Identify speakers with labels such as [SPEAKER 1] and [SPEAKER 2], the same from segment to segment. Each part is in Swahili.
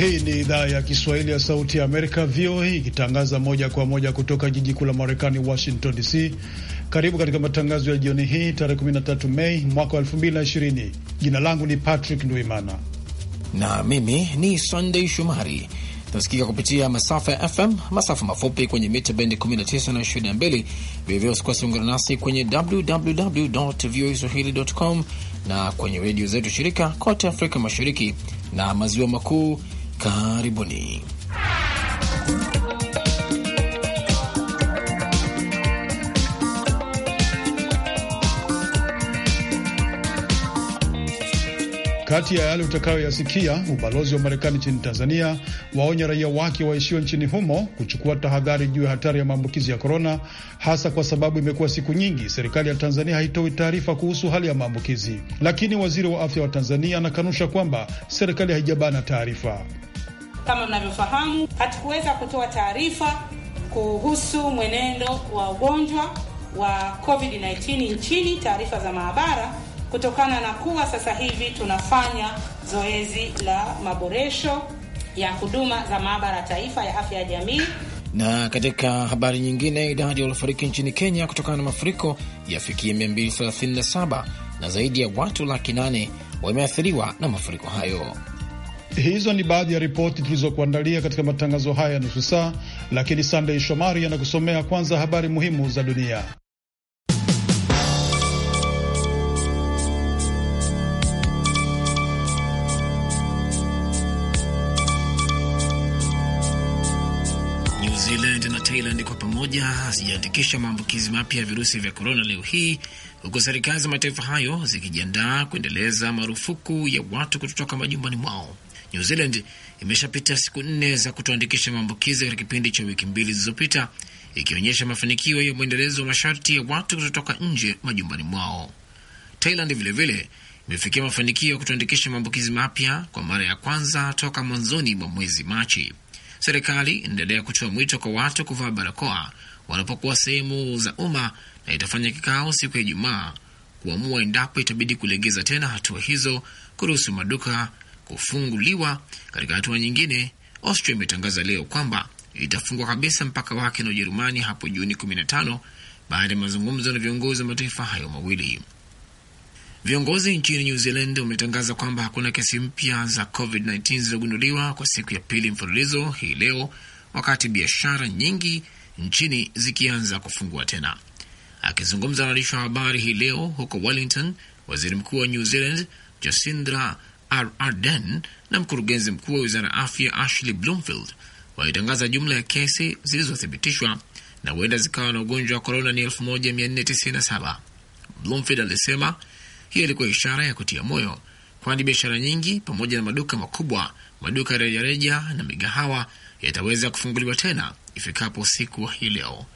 [SPEAKER 1] Hii ni idhaa ya Kiswahili ya Sauti ya Amerika, VOA, ikitangaza moja kwa moja kutoka jiji kuu la Marekani, Washington DC. Karibu katika matangazo ya jioni hii tarehe 13 Mei mwaka wa 2020. Jina langu ni Patrick Ndwimana na mimi ni Sunday
[SPEAKER 2] Shumari. Tunasikika kupitia masafa ya FM, masafa mafupi kwenye mita bendi 19 na 22. Vilevile usikose ungana nasi kwenye www voa swahili com na kwenye redio zetu shirika kote Afrika Mashariki na Maziwa Makuu Karibuni.
[SPEAKER 1] Kati ya yale utakayoyasikia, ubalozi wa Marekani nchini Tanzania waonya raia wake waishiwa nchini humo kuchukua tahadhari juu ya hatari ya maambukizi ya korona, hasa kwa sababu imekuwa siku nyingi serikali ya Tanzania haitoi taarifa kuhusu hali ya maambukizi. Lakini waziri wa afya wa Tanzania anakanusha kwamba serikali haijabana taarifa.
[SPEAKER 3] Kama mnavyofahamu, hatukuweza kutoa taarifa kuhusu mwenendo wa ugonjwa wa COVID-19 nchini, taarifa za maabara, kutokana na kuwa sasa hivi tunafanya zoezi la maboresho ya huduma za maabara taifa ya afya ya jamii.
[SPEAKER 2] Na katika habari nyingine, idadi ya waliofariki nchini Kenya kutokana na mafuriko yafikia 237 na zaidi ya watu laki nane wameathiriwa na mafuriko hayo.
[SPEAKER 1] Hizo ni baadhi ya ripoti tulizokuandalia katika matangazo haya ya nusu saa, lakini sandey Shomari anakusomea kwanza habari muhimu za dunia.
[SPEAKER 2] New Zealand na Thailand kwa pamoja hazijaandikisha maambukizi mapya ya virusi vya korona leo hii huku serikali za mataifa hayo zikijiandaa kuendeleza marufuku ya watu kutotoka majumbani mwao. New Zealand imeshapita siku nne za kutoandikisha maambukizi katika kipindi cha wiki mbili zilizopita, ikionyesha mafanikio ya mwendelezo wa masharti ya watu kutotoka nje majumbani mwao. Thailand vilevile imefikia mafanikio ya kutoandikisha maambukizi mapya kwa mara ya kwanza toka mwanzoni mwa mwezi Machi. Serikali inaendelea kutoa mwito kwa watu kuvaa barakoa wanapokuwa sehemu za umma na itafanya kikao siku ya Ijumaa kuamua endapo itabidi kulegeza tena hatua hizo, kuruhusu maduka kufunguliwa. Katika hatua nyingine, Austria imetangaza leo kwamba itafungwa kabisa mpaka wake na Ujerumani hapo Juni 15 baada ya mazungumzo na viongozi wa mataifa hayo mawili. Viongozi nchini New Zealand wametangaza kwamba hakuna kesi mpya za COVID-19 zilizogunduliwa kwa siku ya pili mfululizo hii leo, wakati biashara nyingi nchini zikianza kufungua tena. Akizungumza na waandishi wa habari hii leo huko Wellington, waziri mkuu wa New Zealand Jacinda Arden na mkurugenzi mkuu wa wizara ya afya Ashley Bloomfield walitangaza jumla ya kesi zilizothibitishwa na huenda zikawa na ugonjwa wa korona ni 1497. Bloomfield alisema hiyo ilikuwa ishara ya kutia moyo, kwani biashara nyingi pamoja na maduka makubwa, maduka ya rejareja na migahawa yataweza kufunguliwa tena ifikapo siku hii leo,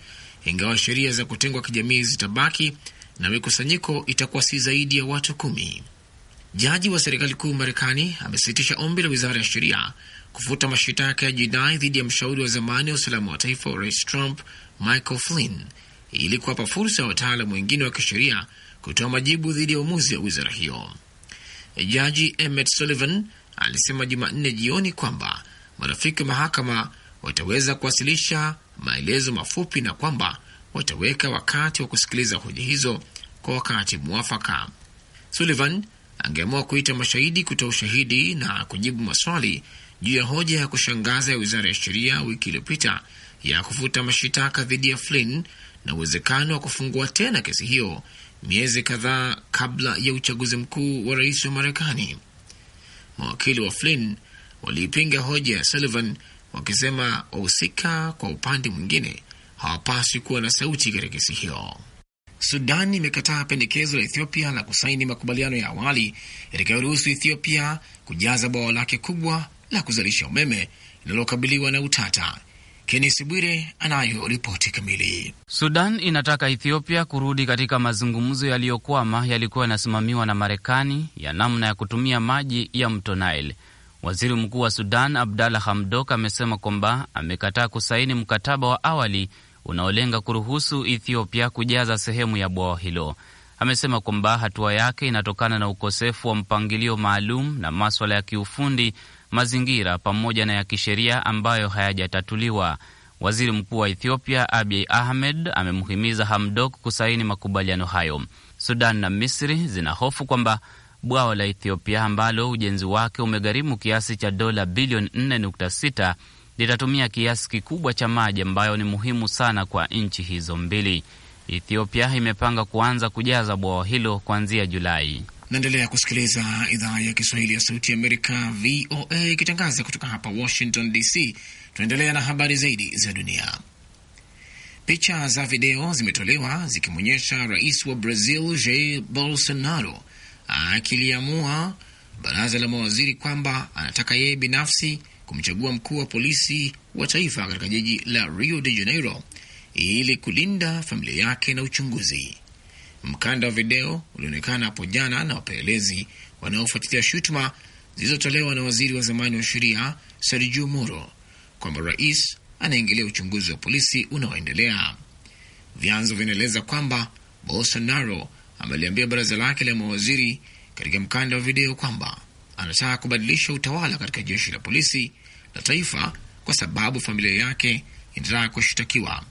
[SPEAKER 2] ingawa sheria za kutengwa kijamii zitabaki na mikusanyiko itakuwa si zaidi ya watu kumi. Jaji wa serikali kuu Marekani amesitisha ombi la wizara ya sheria kufuta mashitaka ya jinai dhidi ya mshauri wa zamani wa usalama wa taifa wa rais Trump, Michael Flynn, ili kuwapa fursa ya wataalamu wengine wa kisheria kutoa majibu dhidi ya uamuzi wa wizara hiyo. Jaji Emmet Sullivan alisema Jumanne jioni kwamba marafiki wa mahakama wataweza kuwasilisha maelezo mafupi na kwamba wataweka wakati wa kusikiliza hoja hizo kwa wakati mwafaka. Sullivan angeamua kuita mashahidi kutoa ushahidi na kujibu maswali juu ya hoja ya kushangaza ya wizara ya sheria wiki iliyopita ya kufuta mashitaka dhidi ya Flynn na uwezekano wa kufungua tena kesi hiyo miezi kadhaa kabla ya uchaguzi mkuu wa rais wa Marekani. Mawakili wa Flynn waliipinga hoja ya Sullivan wakisema wahusika kwa upande mwingine hawapaswi kuwa na sauti katika kesi hiyo. Sudan imekataa pendekezo la Ethiopia la kusaini makubaliano ya awali yatakayoruhusu Ethiopia kujaza bwawa lake kubwa la kuzalisha umeme linalokabiliwa na utata. kenis Bwire anayo ripoti kamili.
[SPEAKER 4] Sudan inataka Ethiopia kurudi katika mazungumzo yaliyokwama yalikuwa yanasimamiwa na Marekani ya namna ya kutumia maji ya mto Nile. Waziri mkuu wa Sudan Abdalla Hamdok amesema kwamba amekataa kusaini mkataba wa awali unaolenga kuruhusu Ethiopia kujaza sehemu ya bwawa hilo. Amesema kwamba hatua yake inatokana na ukosefu wa mpangilio maalum na maswala ya kiufundi, mazingira pamoja na ya kisheria ambayo hayajatatuliwa. Waziri Mkuu wa Ethiopia Abiy Ahmed amemhimiza Hamdok kusaini makubaliano hayo. Sudan na Misri zina hofu kwamba bwawa la Ethiopia ambalo ujenzi wake umegharimu kiasi cha dola bilioni 4.6 litatumia kiasi kikubwa cha maji ambayo ni muhimu sana kwa nchi hizo mbili. Ethiopia imepanga kuanza kujaza bwawa hilo kuanzia Julai.
[SPEAKER 2] Naendelea kusikiliza idhaa ya Kiswahili ya Sauti ya Amerika, VOA, ikitangaza kutoka hapa Washington DC. Tunaendelea na habari zaidi za dunia. Picha za video zimetolewa zikimwonyesha rais wa Brazil Jair Bolsonaro akiliamua baraza la mawaziri kwamba anataka yeye binafsi kumchagua mkuu wa polisi wa taifa katika jiji la Rio de Janeiro ili kulinda familia yake na uchunguzi. Mkanda wa video ulionekana hapo jana na wapelelezi wanaofuatilia shutuma zilizotolewa na waziri wa zamani wa sheria Sergio Moro kwamba rais anaingilia uchunguzi wa polisi unaoendelea. Vyanzo vinaeleza kwamba Bolsonaro ameliambia baraza lake la mawaziri katika mkanda wa video kwamba anataka kubadilisha utawala katika jeshi la polisi la taifa kwa sababu familia yake inataka kushtakiwa.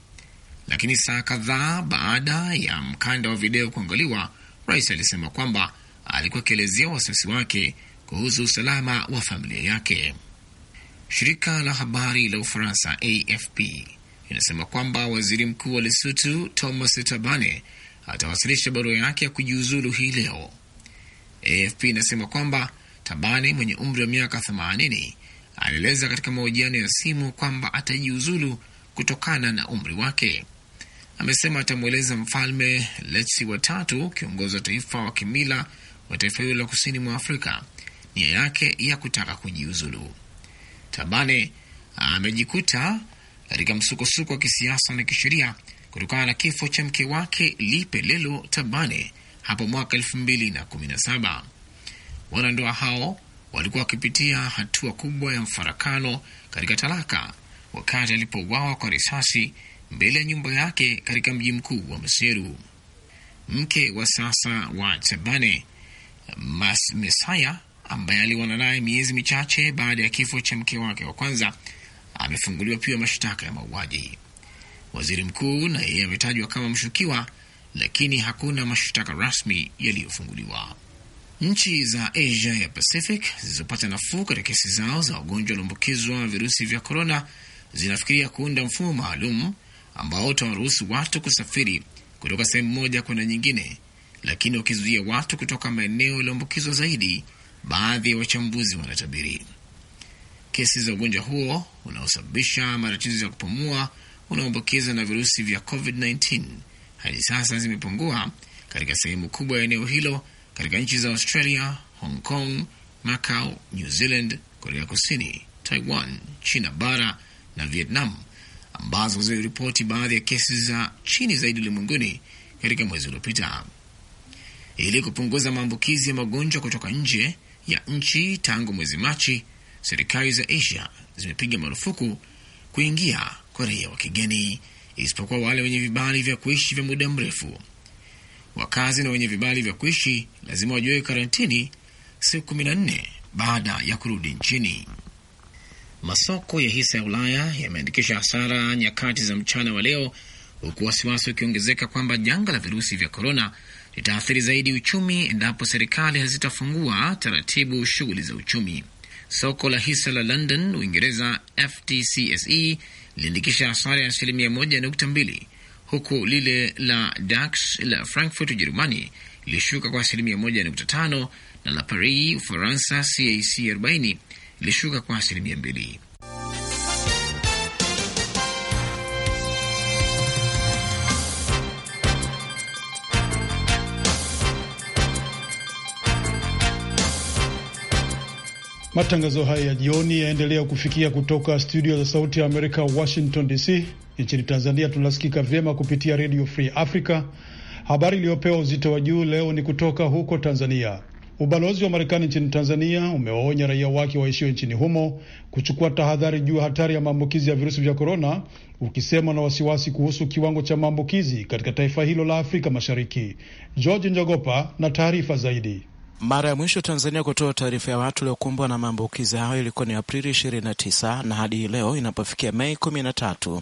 [SPEAKER 2] Lakini saa kadhaa baada ya mkanda wa video kuangaliwa, rais alisema kwamba alikuwa akielezea wasiwasi wake kuhusu usalama wa familia yake. Shirika la habari la Ufaransa AFP inasema kwamba waziri mkuu wa Lesutu Thomas Tabane atawasilisha barua yake ya kujiuzulu hii leo. AFP inasema kwamba Tabani mwenye umri wa miaka 80 alieleza katika mahojiano ya simu kwamba atajiuzulu kutokana na umri wake. Amesema atamweleza mfalme Letsi watatu, kiongozi wa taifa wa kimila wa taifa hilo la kusini mwa Afrika, nia yake ya kutaka kujiuzulu. Tabane amejikuta katika msukosuko wa kisiasa na kisheria kutokana na kifo cha mke wake Lipe Lelo Tabane hapo mwaka elfu mbili na kumi na saba. Wanandoa hao walikuwa wakipitia hatua kubwa ya mfarakano katika talaka wakati alipouawa kwa risasi mbele ya nyumba yake katika mji mkuu wa Maseru. Mke wa sasa wa Mas Mesaya, ambaye aliwana naye miezi michache baada ya kifo cha mke wake wa kwanza, amefunguliwa pia mashtaka ya mauaji. Waziri mkuu na yeye ametajwa kama mshukiwa, lakini hakuna mashtaka rasmi yaliyofunguliwa. Nchi za Asia ya Pacific zilizopata nafuu katika kesi zao za wagonjwa walioambukizwa virusi vya korona zinafikiria kuunda mfumo maalum ambao utawaruhusu watu kusafiri kutoka sehemu moja kwenda nyingine, lakini wakizuia watu kutoka maeneo yaliyoambukizwa zaidi. Baadhi ya wachambuzi wanatabiri kesi za ugonjwa huo unaosababisha matatizo ya kupumua unaoambukiza na virusi vya COVID-19 hadi sasa zimepungua katika sehemu kubwa ya eneo hilo katika nchi za Australia, Hong Kong, Macau, New Zealand, Korea Kusini, Taiwan, China bara na Vietnam ambazo ziliripoti baadhi ya kesi za chini zaidi ulimwenguni katika mwezi uliopita. Ili kupunguza maambukizi ya magonjwa kutoka nje ya nchi tangu mwezi Machi, serikali za Asia zimepiga marufuku kuingia kwa raia wa kigeni isipokuwa wale wenye vibali vya kuishi vya muda mrefu Wakazi na wenye vibali vya kuishi lazima wajiweke karantini siku kumi na nne baada ya kurudi nchini. Masoko ya hisa ya Ulaya yameandikisha hasara nyakati za mchana wa leo, huku wasiwasi ukiongezeka kwamba janga la virusi vya korona litaathiri zaidi uchumi endapo serikali hazitafungua taratibu shughuli za uchumi. Soko la hisa la London, Uingereza, FTSE liliandikisha hasara ya asilimia moja nukta mbili huku lile la DAX la Frankfurt Ujerumani lilishuka kwa asilimia 1.5 na la Paris Ufaransa CAC 40 lilishuka kwa asilimia mbili.
[SPEAKER 1] Matangazo haya ya jioni yaendelea kufikia kutoka studio za Sauti ya Amerika, Washington DC. Nchini Tanzania tunasikika vyema kupitia Redio Free Africa. Habari iliyopewa uzito wa juu leo ni kutoka huko Tanzania. Ubalozi wa Marekani nchini Tanzania umewaonya raia wake waishio nchini humo kuchukua tahadhari juu ya hatari ya maambukizi ya virusi vya korona, ukisema na wasiwasi kuhusu kiwango cha maambukizi katika taifa hilo la Afrika Mashariki. George Njogopa na taarifa zaidi.
[SPEAKER 5] Mara ya mwisho Tanzania kutoa taarifa ya watu waliokumbwa na maambukizi hayo ilikuwa ni Aprili 29 na hadi leo inapofikia Mei 13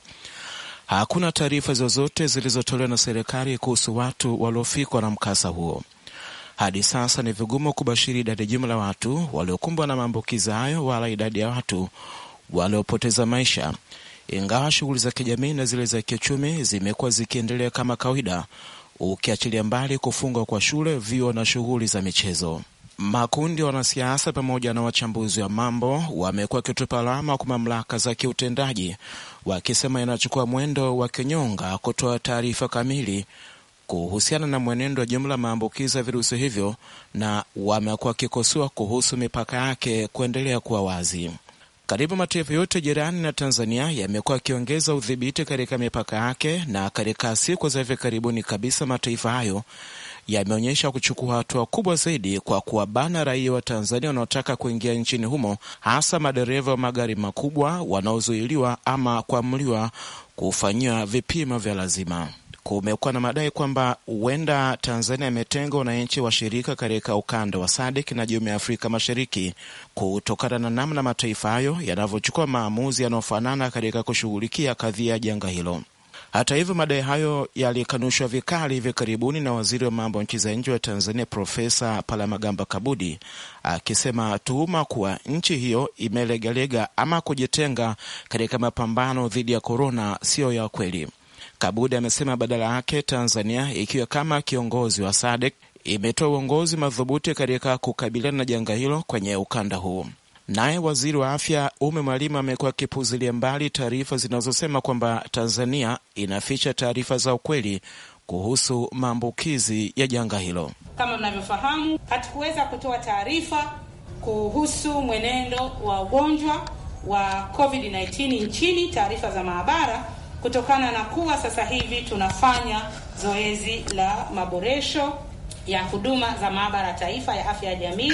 [SPEAKER 5] hakuna taarifa zozote zilizotolewa na serikali kuhusu watu waliofikwa na mkasa huo. Hadi sasa ni vigumu kubashiri idadi jumla ya watu waliokumbwa na maambukizi hayo wala idadi ya watu waliopoteza maisha, ingawa shughuli za kijamii na zile za kiuchumi zimekuwa zikiendelea kama kawaida ukiachilia mbali kufungwa kwa shule, vyuo na shughuli za michezo. Makundi ya wanasiasa pamoja na wachambuzi wa mambo wamekuwa wakitupa alama kwa mamlaka za kiutendaji, wakisema inachukua mwendo wa kinyonga kutoa taarifa kamili kuhusiana na mwenendo wa jumla maambukizi ya virusi hivyo, na wamekuwa wakikosoa kuhusu mipaka yake kuendelea kuwa wazi. Karibu mataifa yote jirani na Tanzania yamekuwa yakiongeza udhibiti katika mipaka yake, na katika siku za hivi karibuni kabisa mataifa hayo yameonyesha kuchukua hatua kubwa zaidi kwa kuwabana raia wa Tanzania wanaotaka kuingia nchini humo, hasa madereva wa magari makubwa wanaozuiliwa ama kuamliwa kufanyiwa vipimo vya lazima kumekuwa na madai kwamba huenda Tanzania imetengwa na nchi washirika katika ukanda wa SADC na Jumuiya ya Afrika Mashariki kutokana na namna mataifa hayo yanavyochukua maamuzi yanayofanana katika kushughulikia kadhia janga hilo. Hata hivyo, madai hayo yalikanushwa vikali hivi karibuni na waziri wa mambo ya nchi za nje wa Tanzania Profesa Palamagamba Kabudi akisema tuhuma kuwa nchi hiyo imelegalega ama kujitenga katika mapambano dhidi ya korona siyo ya kweli. Kabudi amesema badala yake Tanzania ikiwa kama kiongozi wa SADC imetoa uongozi madhubuti katika kukabiliana na janga hilo kwenye ukanda huu. Naye waziri wa afya Ume Mwalimu amekuwa akipuzilia mbali taarifa zinazosema kwamba Tanzania inaficha taarifa za ukweli kuhusu maambukizi ya janga hilo.
[SPEAKER 3] Kama mnavyofahamu, hatukuweza kutoa taarifa kuhusu mwenendo wa ugonjwa wa COVID-19 nchini, taarifa za maabara kutokana na kuwa sasa hivi tunafanya zoezi la maboresho ya huduma za maabara taifa ya afya ya jamii.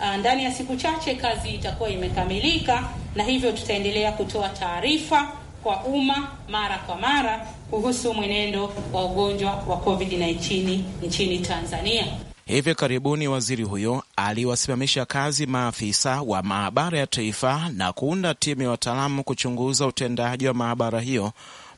[SPEAKER 3] Uh, ndani ya siku chache kazi itakuwa imekamilika, na hivyo tutaendelea kutoa taarifa kwa umma mara kwa mara kuhusu mwenendo wa ugonjwa wa COVID-19 nchini Tanzania.
[SPEAKER 5] Hivi karibuni waziri huyo aliwasimamisha kazi maafisa wa maabara ya taifa na kuunda timu ya wataalamu kuchunguza utendaji wa maabara hiyo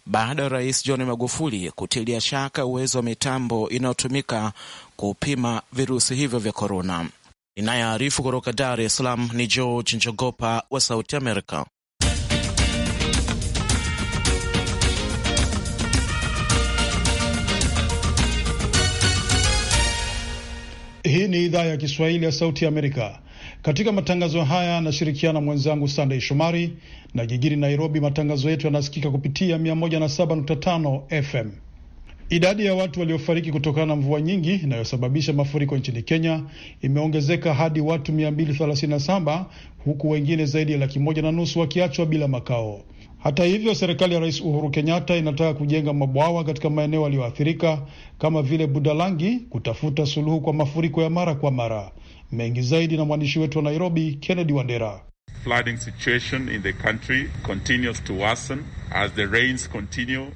[SPEAKER 5] baada ya Rais John Magufuli kutilia shaka uwezo wa mitambo inayotumika kupima virusi hivyo vya korona. Inayoarifu kutoka Dar es Salaam ni George Njogopa wa Sauti Amerika.
[SPEAKER 1] Hii ni idhaa ya Kiswahili ya Sauti Amerika. Katika matangazo haya anashirikiana mwenzangu Sandey Shomari na jijini Nairobi. Matangazo yetu yanasikika kupitia 107.5 FM. Idadi ya watu waliofariki kutokana na mvua nyingi inayosababisha mafuriko nchini Kenya imeongezeka hadi watu 237 huku wengine zaidi ya laki moja na nusu wakiachwa bila makao. Hata hivyo, serikali ya Rais Uhuru Kenyatta inataka kujenga mabwawa katika maeneo yaliyoathirika kama vile Budalangi kutafuta suluhu kwa mafuriko ya mara kwa mara. Mengi zaidi na mwandishi wetu wa Nairobi, Kennedy Wandera.
[SPEAKER 6] Flooding situation in the country continues to worsen as the rains continue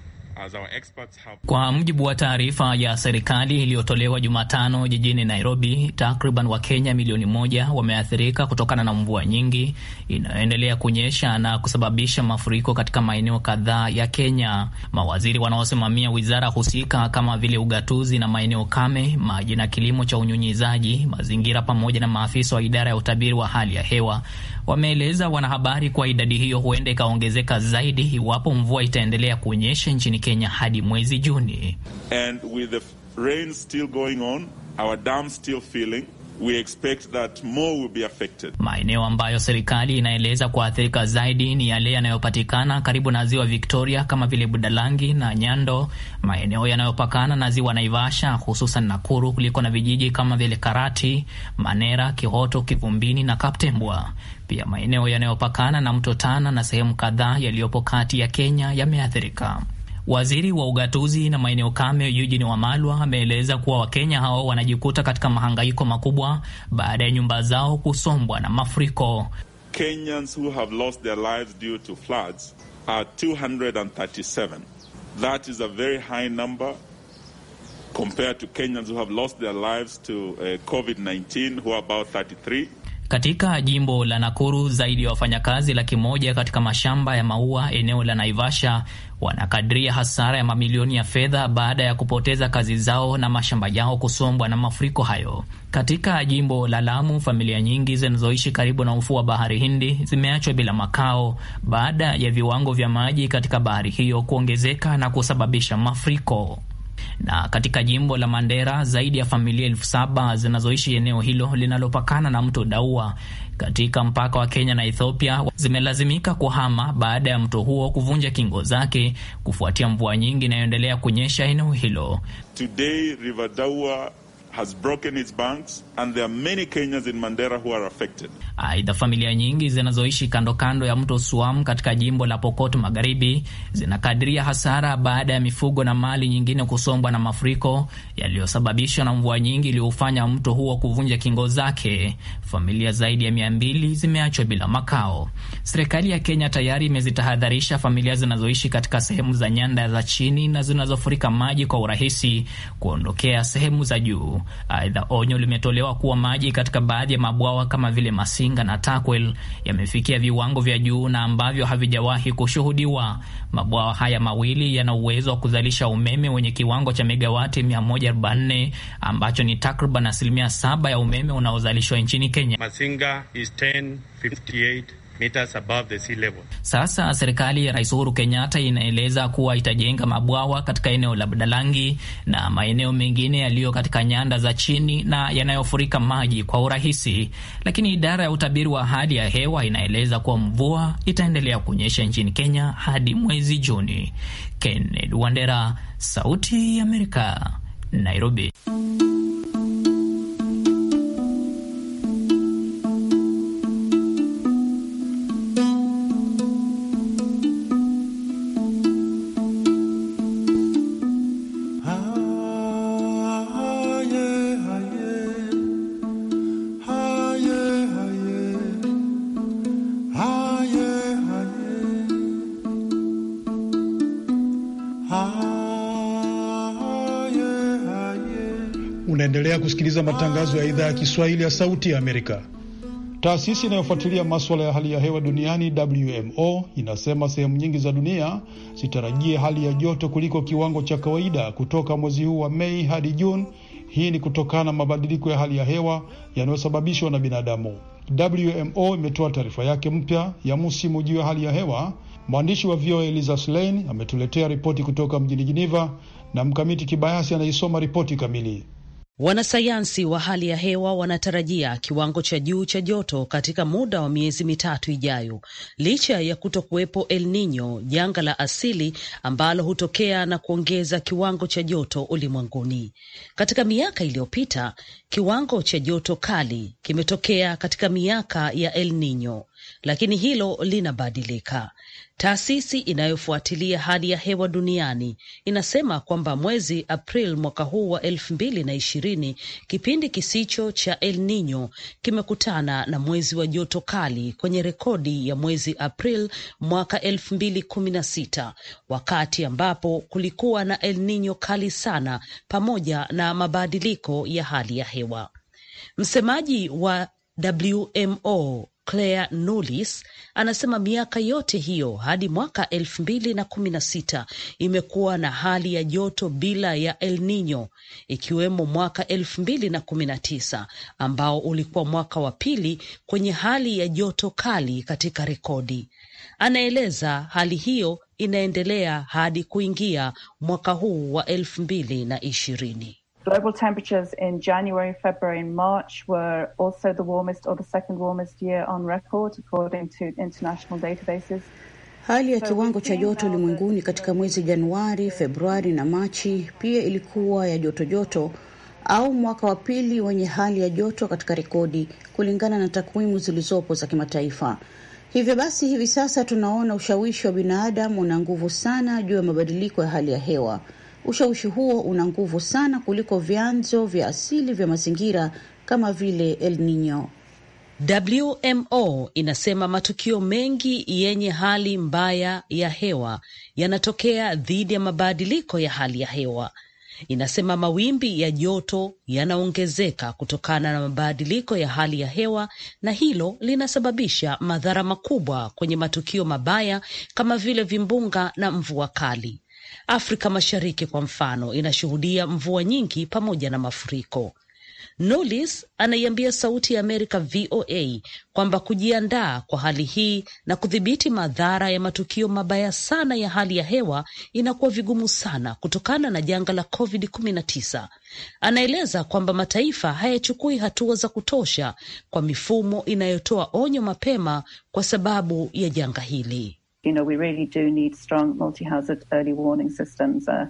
[SPEAKER 6] kwa
[SPEAKER 4] mujibu wa taarifa ya serikali iliyotolewa Jumatano jijini Nairobi, takriban Wakenya milioni moja wameathirika kutokana na mvua nyingi inayoendelea kunyesha na kusababisha mafuriko katika maeneo kadhaa ya Kenya. Mawaziri wanaosimamia wizara husika kama vile ugatuzi na maeneo kame, maji na kilimo cha unyunyizaji, mazingira, pamoja na maafisa wa idara ya utabiri wa hali ya hewa wameeleza wanahabari kwa idadi hiyo huenda ikaongezeka zaidi iwapo mvua itaendelea kunyesha nchini Kenya hadi mwezi Juni.
[SPEAKER 6] And with the rain still going on, our dam still filling We expect that more will be affected. Maeneo
[SPEAKER 4] ambayo serikali inaeleza kuathirika zaidi ni yale yanayopatikana karibu na ziwa Victoria kama vile Budalangi na Nyando, maeneo yanayopakana na ziwa Naivasha hususan Nakuru kuliko na vijiji kama vile Karati, Manera, Kihoto, Kivumbini na Kaptembwa. Pia maeneo yanayopakana na mto Tana na sehemu kadhaa yaliyopo kati ya Kenya yameathirika. Waziri wa ugatuzi na maeneo kame Eugene Wamalwa ameeleza kuwa Wakenya hao wanajikuta katika mahangaiko makubwa baada ya nyumba zao kusombwa na mafuriko.
[SPEAKER 6] Kenyans who have lost their lives due to floods are 237. That is a very high number compared to Kenyans who have lost their lives to uh, COVID-19 who are about 33.
[SPEAKER 4] Katika jimbo la Nakuru zaidi ya wafanyakazi laki moja katika mashamba ya maua eneo la Naivasha wanakadiria hasara ya mamilioni ya fedha baada ya kupoteza kazi zao na mashamba yao kusombwa na mafuriko hayo. Katika jimbo la Lamu, familia nyingi zinazoishi karibu na ufuo wa bahari Hindi zimeachwa bila makao baada ya viwango vya maji katika bahari hiyo kuongezeka na kusababisha mafuriko. Na katika jimbo la Mandera zaidi ya familia elfu saba zinazoishi eneo hilo linalopakana na mto Daua katika mpaka wa Kenya na Ethiopia zimelazimika kuhama baada ya mto huo kuvunja kingo zake kufuatia mvua nyingi inayoendelea kunyesha eneo
[SPEAKER 6] hilo. Today, River Daua
[SPEAKER 4] Aidha, familia nyingi zinazoishi kando kando ya mto Suam katika jimbo la Pokot Magharibi zinakadiria hasara baada ya mifugo na mali nyingine kusombwa na mafuriko yaliyosababishwa na mvua nyingi iliyofanya mto huo kuvunja kingo zake. Familia zaidi ya mia mbili zimeachwa bila makao. Serikali ya Kenya tayari imezitahadharisha familia zinazoishi katika sehemu za nyanda za chini na zinazofurika maji kwa urahisi kuondokea sehemu za juu. Aidha, onyo limetolewa kuwa maji katika baadhi ya mabwawa kama vile Masinga na Takwel yamefikia viwango vya juu na ambavyo havijawahi kushuhudiwa. Mabwawa haya mawili yana uwezo wa kuzalisha umeme wenye kiwango cha megawati 144 ambacho ni takriban asilimia saba ya umeme unaozalishwa
[SPEAKER 6] nchini Kenya. Masinga is 10, 58 meters above the sea level.
[SPEAKER 4] Sasa serikali ya Rais Uhuru Kenyatta inaeleza kuwa itajenga mabwawa katika eneo la bdalangi na maeneo mengine yaliyo katika nyanda za chini na yanayofurika maji kwa urahisi, lakini idara ya utabiri wa hali ya hewa inaeleza kuwa mvua itaendelea kunyesha nchini Kenya hadi mwezi Juni. Kenneth Wandera, Sauti ya Amerika, Nairobi.
[SPEAKER 1] kusikiliza matangazo ya idhaa ya Kiswahili ya Sauti ya Amerika. Taasisi inayofuatilia maswala ya hali ya hewa duniani WMO inasema sehemu nyingi za dunia zitarajie hali ya joto kuliko kiwango cha kawaida kutoka mwezi huu wa Mei hadi Juni. Hii ni kutokana na mabadiliko ya hali ya hewa yanayosababishwa na binadamu. WMO imetoa taarifa yake mpya ya msimu juu ya hali ya hewa. Mwandishi wa VOA Eliza Slein ametuletea ripoti kutoka mjini jiniva na Mkamiti Kibayasi anaisoma ripoti kamili.
[SPEAKER 7] Wanasayansi wa hali ya hewa wanatarajia kiwango cha juu cha joto katika muda wa miezi mitatu ijayo, licha ya kuto kuwepo El Nino, janga la asili ambalo hutokea na kuongeza kiwango cha joto ulimwenguni. Katika miaka iliyopita, kiwango cha joto kali kimetokea katika miaka ya El Nino, lakini hilo linabadilika. Taasisi inayofuatilia hali ya hewa duniani inasema kwamba mwezi April mwaka huu wa elfu mbili na ishirini kipindi kisicho cha El Nino kimekutana na mwezi wa joto kali kwenye rekodi ya mwezi April mwaka elfu mbili kumi na sita wakati ambapo kulikuwa na El Nino kali sana pamoja na mabadiliko ya hali ya hewa. Msemaji wa WMO Claire Nulis anasema miaka yote hiyo hadi mwaka elfu mbili na kumi na sita imekuwa na hali ya joto bila ya El Nino, ikiwemo mwaka elfu mbili na kumi na tisa ambao ulikuwa mwaka wa pili kwenye hali ya joto kali katika rekodi. Anaeleza hali hiyo inaendelea hadi kuingia mwaka huu wa elfu mbili na ishirini.
[SPEAKER 6] Global temperatures in January, February, and March were also
[SPEAKER 1] the warmest or the second warmest year on record according to international databases.
[SPEAKER 3] Hali ya kiwango cha joto ulimwenguni katika mwezi Januari, Februari na Machi pia ilikuwa ya joto joto au mwaka wa pili wenye hali ya joto katika rekodi kulingana na takwimu zilizopo za kimataifa. Hivyo basi, hivi sasa tunaona ushawishi wa binadamu una nguvu sana juu ya mabadiliko ya hali ya hewa. Ushawishi huo una nguvu sana kuliko vyanzo vya asili vya mazingira kama vile El
[SPEAKER 7] Nino. WMO inasema matukio mengi yenye hali mbaya ya hewa yanatokea dhidi ya mabadiliko ya hali ya hewa. Inasema mawimbi ya joto yanaongezeka kutokana na mabadiliko ya hali ya hewa, na hilo linasababisha madhara makubwa kwenye matukio mabaya kama vile vimbunga na mvua kali. Afrika Mashariki kwa mfano inashuhudia mvua nyingi pamoja na mafuriko. Nolis anaiambia Sauti ya Amerika VOA kwamba kujiandaa kwa hali hii na kudhibiti madhara ya matukio mabaya sana ya hali ya hewa inakuwa vigumu sana kutokana na janga la COVID-19. Anaeleza kwamba mataifa hayachukui hatua za kutosha kwa mifumo inayotoa onyo mapema kwa sababu ya janga hili
[SPEAKER 6] you know, we really do need strong multi-hazard early warning systems uh,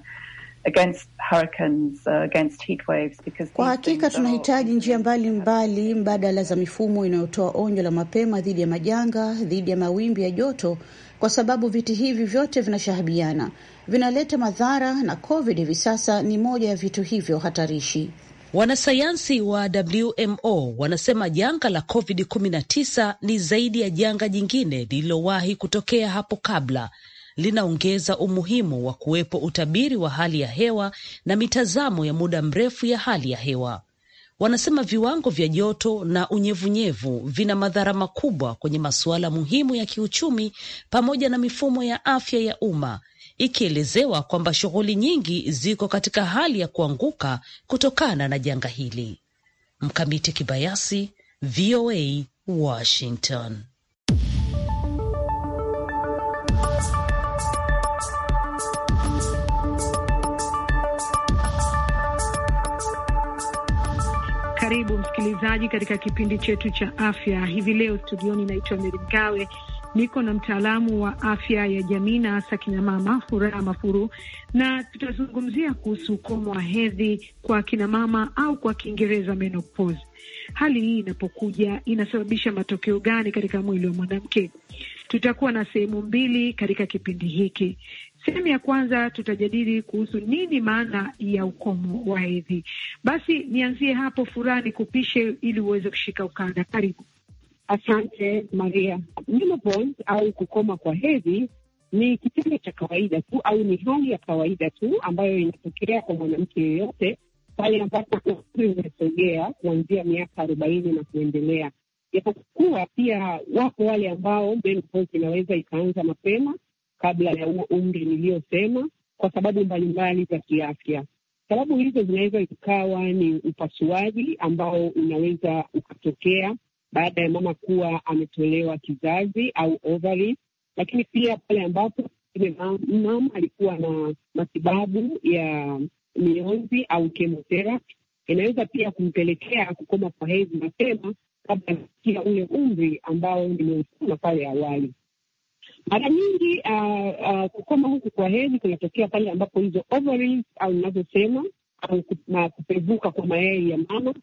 [SPEAKER 6] against hurricanes, uh, against heat waves because kwa
[SPEAKER 3] hakika tunahitaji njia mbalimbali mbadala za mifumo inayotoa onyo la mapema dhidi ya majanga, dhidi ya mawimbi ya joto, kwa sababu viti hivi vyote vinashahabiana, vinaleta madhara, na COVID hivi sasa
[SPEAKER 7] ni moja ya vitu hivyo hatarishi. Wanasayansi wa WMO wanasema janga la COVID-19 ni zaidi ya janga jingine lililowahi kutokea hapo kabla. Linaongeza umuhimu wa kuwepo utabiri wa hali ya hewa na mitazamo ya muda mrefu ya hali ya hewa. Wanasema viwango vya joto na unyevunyevu vina madhara makubwa kwenye masuala muhimu ya kiuchumi pamoja na mifumo ya afya ya umma ikielezewa kwamba shughuli nyingi ziko katika hali ya kuanguka kutokana na janga hili. Mkamiti Kibayasi, VOA Washington.
[SPEAKER 8] Karibu msikilizaji katika kipindi chetu cha afya hivi leo. Studioni naitwa Meri Mgawe Niko na mtaalamu wa afya ya jamii na hasa kinamama, Furaha Mafuru, na tutazungumzia kuhusu ukomo wa hedhi kwa kinamama au kwa Kiingereza menopause. Hali hii inapokuja inasababisha matokeo gani katika mwili wa mwanamke? Tutakuwa na sehemu mbili katika kipindi hiki. Sehemu ya kwanza tutajadili kuhusu nini maana ya ukomo wa hedhi. Basi nianzie hapo, Furaha, nikupishe ili uweze kushika
[SPEAKER 9] ukanda. Karibu. Asante Maria. Menopause au kukoma kwa hedhi ni kitendo cha kawaida tu au ni hali ya kawaida tu ambayo inatokea kwa mwanamke yeyote pale ambapo umesogea kuanzia miaka arobaini na kuendelea, japokuwa pia wapo wale ambao menopause inaweza ikaanza mapema kabla ya huo umri niliyosema, kwa sababu mbalimbali za kiafya. Sababu hizo zinaweza ikawa ni upasuaji ambao unaweza ukatokea baada ya mama kuwa ametolewa kizazi au ovari, lakini pia pale ambapo mama alikuwa na matibabu ya mionzi au chemotherapy, inaweza pia kumpelekea kukoma kwa hedhi mapema kabla ya kufikia ule umri ambao nimeusema pale awali. Mara nyingi uh, uh, kukoma huku kwa hedhi kunatokea pale ambapo hizo ovaries au inazosema au kupevuka kwa mayai ya mama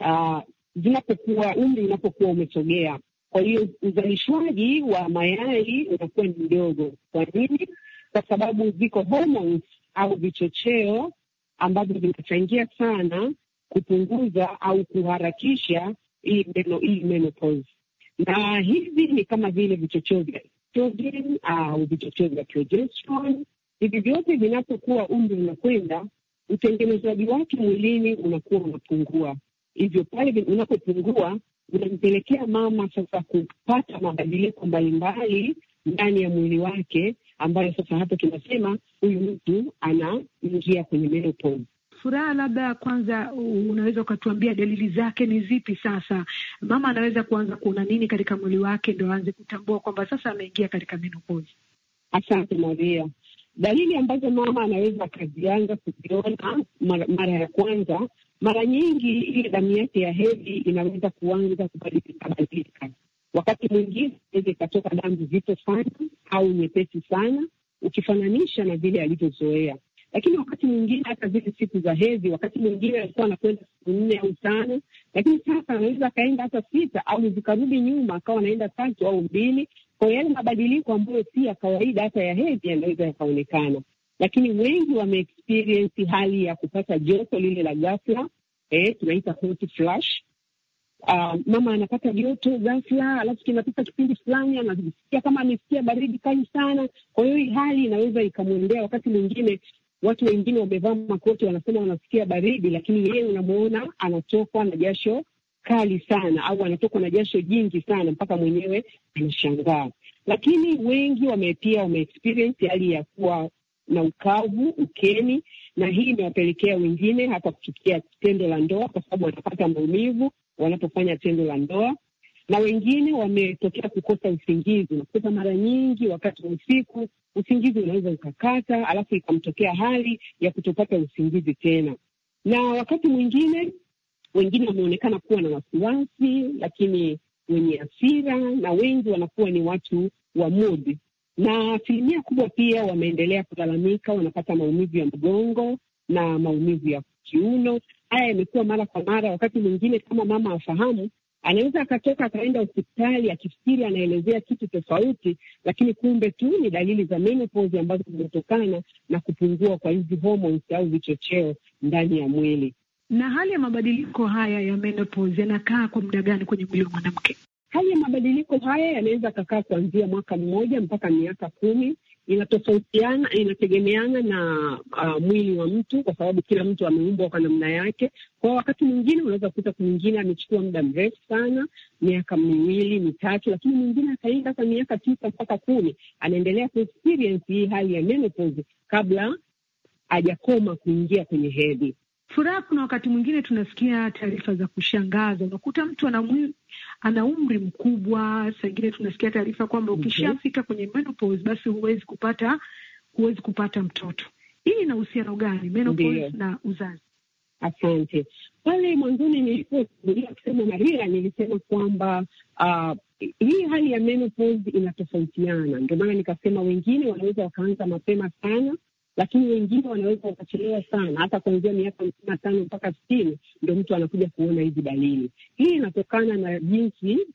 [SPEAKER 9] uh, zinapokuwa umri unapokuwa umesogea. Kwa hiyo uzalishwaji wa mayai unakuwa ni mdogo. Kwa nini? Kwa sababu ziko hormones au vichocheo ambavyo vinachangia sana kupunguza au kuharakisha hii meno, hii menopause. Na hivi ni kama vile vichocheo vya estrogen ah, au vichocheo vya progesterone. Hivi vyote vinapokuwa umri unakwenda, utengenezaji wake mwilini unakuwa unapungua. Hivyo pale unapopungua, unampelekea mama sasa kupata mabadiliko mbalimbali ndani ya mwili wake, ambayo sasa hapo tunasema huyu mtu anaingia kwenye menopause.
[SPEAKER 8] Furaha, labda kwanza unaweza ukatuambia dalili zake ni zipi? Sasa mama anaweza kuanza kuona nini katika mwili wake ndo aanze kutambua kwamba sasa ameingia katika menopause?
[SPEAKER 9] Asante Maria. Dalili ambazo mama anaweza akazianza kuziona mara, mara ya kwanza mara nyingi ile damu yake ya hedhi inaweza kuanza kubadilikabadilika Wakati mwingine inaweza ikatoka damu zito sana au nyepesi sana, ukifananisha na vile alivyozoea. Lakini wakati mwingine hata zile siku za hedhi, wakati mwingine alikuwa anakwenda siku nne au tano, lakini sasa anaweza akaenda hata sita au zikarudi nyuma, akawa anaenda tatu au mbili. Kwa yale mabadiliko ambayo si ya kawaida hata ya hedhi yanaweza yakaonekana lakini wengi wameexperience hali ya kupata joto lile la ghafla, eh, tunaita hot flash. Uh, mama anapata joto ghafla, alafu kinapita kipindi fulani anasikia kama amesikia baridi kali sana. Kwa hiyo hii hali inaweza ikamwendea. Wakati mwingine watu wengine wamevaa makoti, wanasema wanasikia baridi, lakini yeye unamwona anatokwa na jasho kali sana, au anatokwa na jasho jingi sana mpaka mwenyewe anashangaa. Lakini wengi wame pia hali ya kuwa na ukavu, ukeni, na hii imewapelekea wengine hata kuchukia tendo la ndoa, kwa sababu wanapata maumivu wanapofanya tendo la ndoa, na wengine wametokea kukosa usingizi. Unakuta mara nyingi wakati wa usiku usingizi unaweza ukakata, alafu ikamtokea hali ya kutopata usingizi tena, na wakati mwingine wengine wameonekana kuwa na wasiwasi, lakini wenye hasira, na wengi wanakuwa ni watu wa mudi na asilimia kubwa pia wameendelea kulalamika, wanapata maumivu ya mgongo na maumivu ya kiuno. Haya yamekuwa mara kwa mara. Wakati mwingine, kama mama afahamu, anaweza akatoka akaenda hospitali akifikiri anaelezea kitu tofauti, lakini kumbe tu ni dalili za menopause ambazo zimetokana na kupungua kwa hizi homoni au vichocheo ndani ya mwili.
[SPEAKER 8] Na hali ya mabadiliko haya ya menopause yanakaa kwa muda gani kwenye
[SPEAKER 9] mwili wa mwanamke? Haya mabadiliko haya yanaweza kakaa kuanzia mwaka mmoja mpaka miaka kumi. Inatofautiana, inategemeana na uh, mwili wa mtu, kwa sababu kila mtu ameumbwa kwa namna yake. Kwa wakati mwingine unaweza kukuta mwingine amechukua muda mrefu sana, miaka miwili mitatu, lakini mwingine akaenda kwa miaka tisa mpaka kumi, anaendelea kuexperience hii hali ya menopause kabla hajakoma kuingia kwenye
[SPEAKER 8] hedhi furaha. Kuna wakati mwingine tunasikia taarifa za kushangaza, unakuta mtu ana umri mkubwa. Saa ingine tunasikia taarifa kwamba mhm. ukishafika okay, kwenye menopause basi huwezi kupata huwezi kupata mtoto. Hii ina uhusiano gani menopause na
[SPEAKER 9] uzazi? Asante. Pale mwanzoni nilipotangulia kusema Maria, nilisema kwamba uh, hii hali ya menopause inatofautiana. Ndio maana nikasema wengine wanaweza wakaanza mapema sana lakini wengine wanaweza wakachelewa sana, hata kuanzia miaka hamsini na tano mpaka sitini ndo mtu anakuja kuona hizi dalili. Hii inatokana na jinsi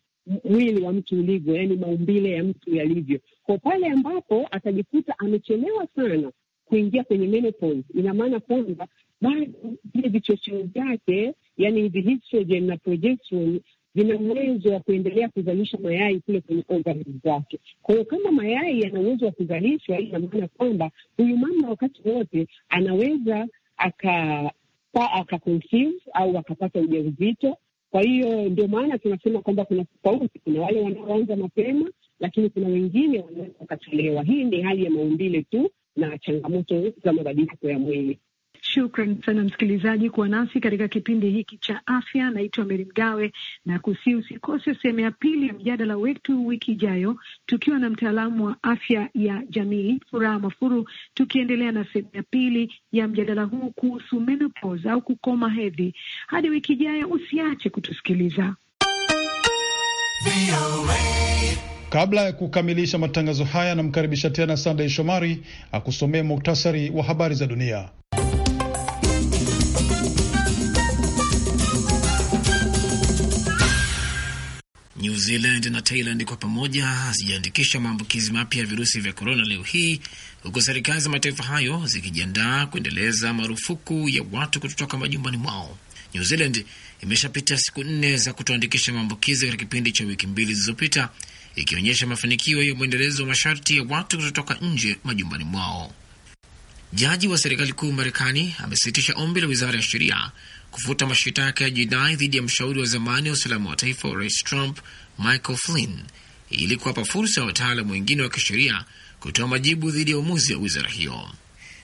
[SPEAKER 9] mwili wa mtu ulivyo, yaani maumbile ya mtu yalivyo. Kwa pale ambapo atajikuta amechelewa sana kuingia kwenye menopause, ina maana kwamba bado vile vichocheo vyake, yani hivi estrogen na progesterone vina uwezo wa kuendelea kuzalisha mayai kule kwenye ovary zake. Kwa hiyo kama mayai yana uwezo wa kuzalishwa, ina maana kwamba huyu mama wakati wote anaweza aka au akapata ujauzito. Kwa hiyo ndio maana tunasema kwamba kuna tofauti, kuna wale wanaoanza mapema, lakini kuna wengine wanaweza wakachelewa. Hii ni hali ya maumbile tu na changamoto za mabadiliko ya mwili. Shukran
[SPEAKER 8] sana msikilizaji kuwa nasi katika kipindi hiki cha afya. Naitwa Meri Mgawe na kusi, usikose sehemu ya pili ya mjadala wetu wiki ijayo, tukiwa na mtaalamu wa afya ya jamii Furaha mafuru tukiendelea na sehemu ya pili ya mjadala huu kuhusu
[SPEAKER 1] menopause au kukoma hedhi. Hadi wiki ijayo, usiache kutusikiliza. Kabla ya kukamilisha matangazo haya, namkaribisha tena Sandey Shomari akusomee muktasari wa habari za dunia.
[SPEAKER 2] New Zealand na Thailand kwa pamoja hazijaandikisha maambukizi mapya ya virusi vya korona leo hii, huku serikali za mataifa hayo zikijiandaa kuendeleza marufuku ya watu kutotoka majumbani mwao. New Zealand imeshapita siku nne za kutoandikisha maambukizi katika kipindi cha wiki mbili zilizopita, ikionyesha mafanikio ya mwendelezo wa masharti ya watu kutotoka nje majumbani mwao. Jaji wa serikali kuu Marekani amesitisha ombi la wizara ya sheria kufuta mashitaka ya jinai dhidi ya mshauri wa zamani wa usalama wa taifa wa rais Trump Michael Flynn ili kuwapa fursa ya wataalamu wengine wa kisheria kutoa majibu dhidi ya uamuzi wa wizara hiyo.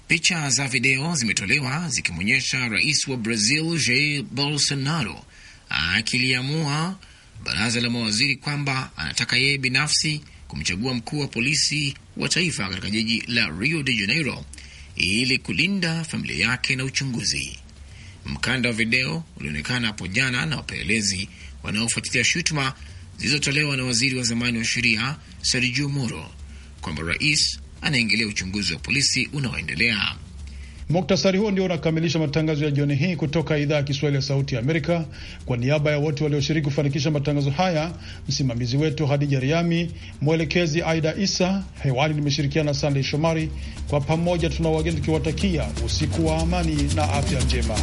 [SPEAKER 2] Picha za video zimetolewa zikimwonyesha rais wa Brazil Jair Bolsonaro akiliamua baraza la mawaziri kwamba anataka yeye binafsi kumchagua mkuu wa polisi wa taifa katika jiji la Rio de Janeiro ili kulinda familia yake na uchunguzi. Mkanda wa video ulionekana hapo jana na wapelelezi wanaofuatilia shutuma zilizotolewa na waziri wa zamani wa sheria Sergio Moro kwamba rais anaingilia uchunguzi wa polisi unaoendelea.
[SPEAKER 1] Muktasari huo ndio unakamilisha matangazo ya jioni hii kutoka idhaa ya Kiswahili ya Sauti ya Amerika. Kwa niaba ya wote walioshiriki kufanikisha matangazo haya, msimamizi wetu Hadija Riami, mwelekezi Aida Isa, hewani nimeshirikiana Sandey Shomari. Kwa pamoja tuna wageni tukiwatakia usiku wa amani na afya njema.